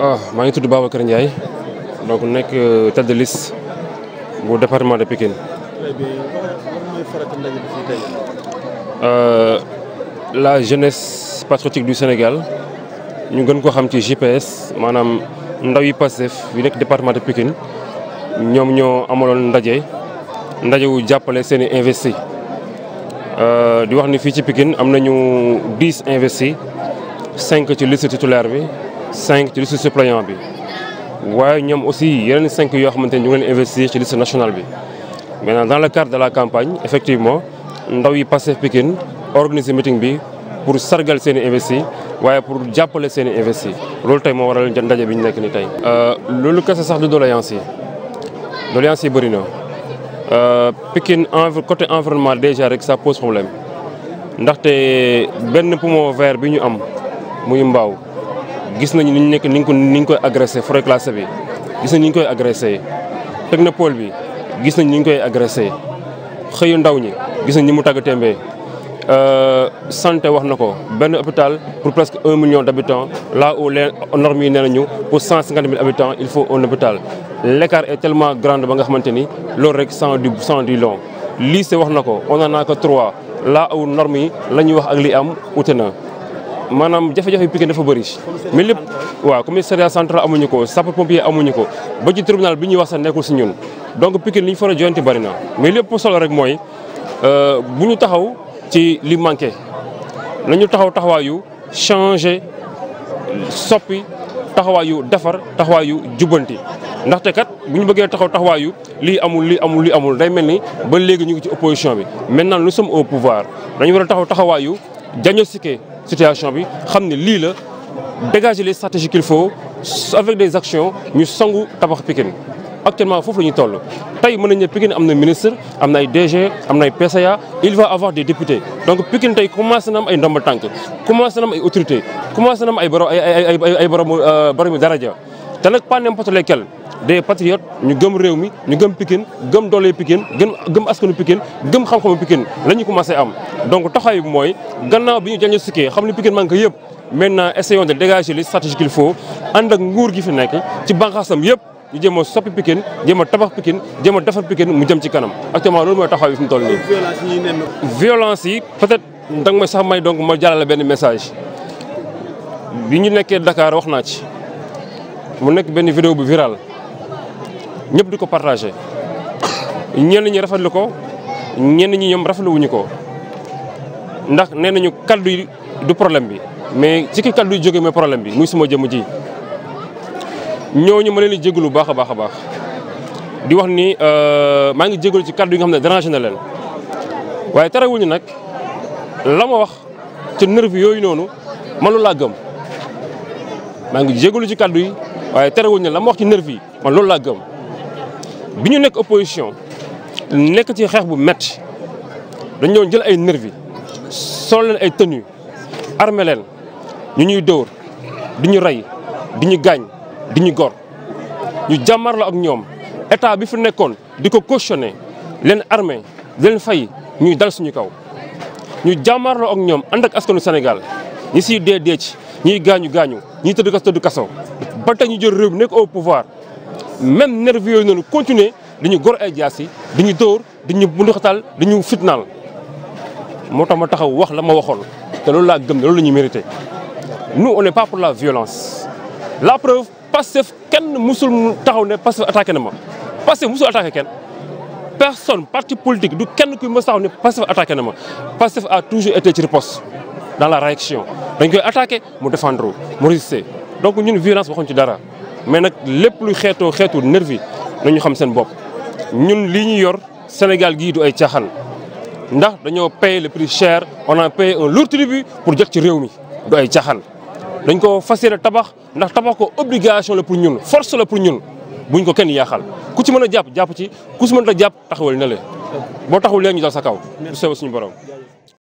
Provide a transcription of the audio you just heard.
ah maa ngi tudd Babacar Ndiaye donc nekk euh, tête de liste bu département de Pikine. Euh, la jeunesse patriotique du Sénégal ñu gën ko xam ci GPS maanaam ndaw yi Pastef yu nekk département de Pikine ñoom ñoo amaloon ndaje ndaje wu jàppale seen i investi euh, di wax ni fii ci Pikine am nañu dix investi cinq ci liste titulaire bi. cinq ci liste suppléant bi waaye ñoom aussi yeneen cinq yoo xamante ni ñu ngi leen investir ci liste nationale bi. maintenant dans le cadre de la campagne effectivement ndaw yi Pastef Pikine organiser meeting bi pour sargal seen i waaye pour jàppale seen i investi loolu tey moo waral ndaje bi ñu nekk ni tey. Euh, loolu kese sax du doléance yi doléance yi bëri na euh, Pikine côté environnement déjà rek ça pose problème ndaxte benn poumon vert bi ñu am muy mbaaw. gis nañu ni ñu nekk ni ñu ko ni ñu koy agressé forêt classée bi gis nañ ni ñu koy agressé technopole bi gis nañ ñu ñu koy agressé xëyu ndaw ñi gis nañ ni mu tàgg témbee euh, sante wax na ko benn hôpital pour presque un million d' habitants là où les normes yi nee nañu pour cent cinquante mille habitants il faut un hôpital l' écart grande ba nga xamante ni loolu rek sans du sans du wax na ko on naa ko que trois là où normes yi la ñuy wax ak li am ute na maanaam jafe-jafe Pikine dafa bëri mais lépp waa commissariat central amuñu ko sapeur pompier amuñu ko ba ci tribunal bi ñuy wax sa nekkul si ñun donc Pikine li ñu fa faral joyanti bëri na mais lépp solo rek mooy euh, bu ñu taxaw ci li manqué nañu taxaw taxawaayu changer soppi taxawaayu defar taxawaayu jubbanti ndaxte kat bu ñu bëggee taxaw taxawaayu lii amul lii amul lii amul day mel ni ba léegi ñu ngi ci opposition bi maintenant nous sommes au pouvoir dañu war a taxaw taxawaayu diagnostiquer situation bi xam ne lii la dégager les stratégies qu'il faut avec des actions ñu sangu tabax Pikine actuellement foofu la ñu toll tey mën nañu ne Pikine am na ministre am na ay DG am na ay PCA il va avoir des députés donc Pikine tey commencé na am ay ndomba tànk commencé na am ay autorités commencé na am ay borom ay ay ay euh, borom daraja te nag pas n'importe lesquels des patriotes ñu gëm réew mi ñu gëm Pikine gëm doole Pikine gëm gëm askanu Pikine gëm xam-xamu Pikine la ñu commencé am. donc taxawaay bi mooy gannaaw bi ñu jañu sikkee xam ne Pikine manque yëpp maintenant essayons de dégager les ki qu'il faut ànd ak nguur gi fi nekk ci bànqaasam yëpp. ñu jéem a soppi Pikine jéem a tabax pikin jëm a defar Pikine mu jëm ci kanam actuellement loolu mooy taxaw bi fi mu toll nii. violence yi peut-être danga may sax may donc ma jàllale benn message bi ñu nekkee Dakar wax naa ci. mu nekk benn vidéo bu viral ñëpp di ko partagé ñenn ñi rafetlu ko ñenn ñi ñoom rafetlu wuñu ko ndax nee nañu kaddu du problème bi mais ci ki kaddu yi jógee mooy problème bi muy suma jëmm ji ñu ma leen di jégalu baax a baax a baax di wax ni euh, maa ngi jégalu ci kaddu yi nga xam ne dérangé na leen waaye terewuñu nag la ma wax ci nervi yooyu noonu mënu laa gëm maa ngi jégalu ci kaddu yi waaye terewul ne la ma wax ci nervi yi man loolu laa gëm bi ñu nekk opposition nekk ci xeex bu metti dañ doon jël ay nervi sol leen ay tenue armé leen ñu ñuy dóor di ñu rey di ñu gaañ di ñu gor ñu jàmmar la ak ñoom état bi fi nekkoon di ko cautionné leen armé leen fay ñuy dal suñu kaw ñu jàmmaarloo ak ñoom ànd ak askanu Sénégal ñi siy dee dee ci ñuy gaañu gaañu ñiy tëdd kaso tëdd kaso ba tey ñu jël réew mi nekk au pouvoir même nervi yooyu noonu continuer dañu gor ay jaas yi dañu dóor dañu bunduxatal dañu fitnaal moo tax ma taxaw wax la ma waxoon te loolu laa gëm ne loolu ñu mérité nous on n'est pas pour la violence la preuve Pastef kenn musul taxaw ne Pastef attaqué na ma Pastef musul attaqué kenn personne parti politique du kenn kuy mës taxaw ne Pastef attaque na ma Pastef a toujours été ci riposte dans la réaction dañ koy attaqué mu défendre mu donc ñun violence waxuñ ci dara mais nag lépp lu xeetoo xeetu nervi nañu xam seen bopp ñun lii ñu yor Sénégal gii du ay caaxaan ndax dañoo payer le prix cher on a payé un lourd tribut pour jot ci réew mi du ay caaxaan dañ ko fas yéene tabax ndax tabax ko obligation la pour ñun force la pour ñun buñ ko kenn yaaxal ku ci mën a jàpp jàpp ci ku ci mën a jàpp taxawal na le boo taxawul leen ñu dal sa kaw bu sew suñu borom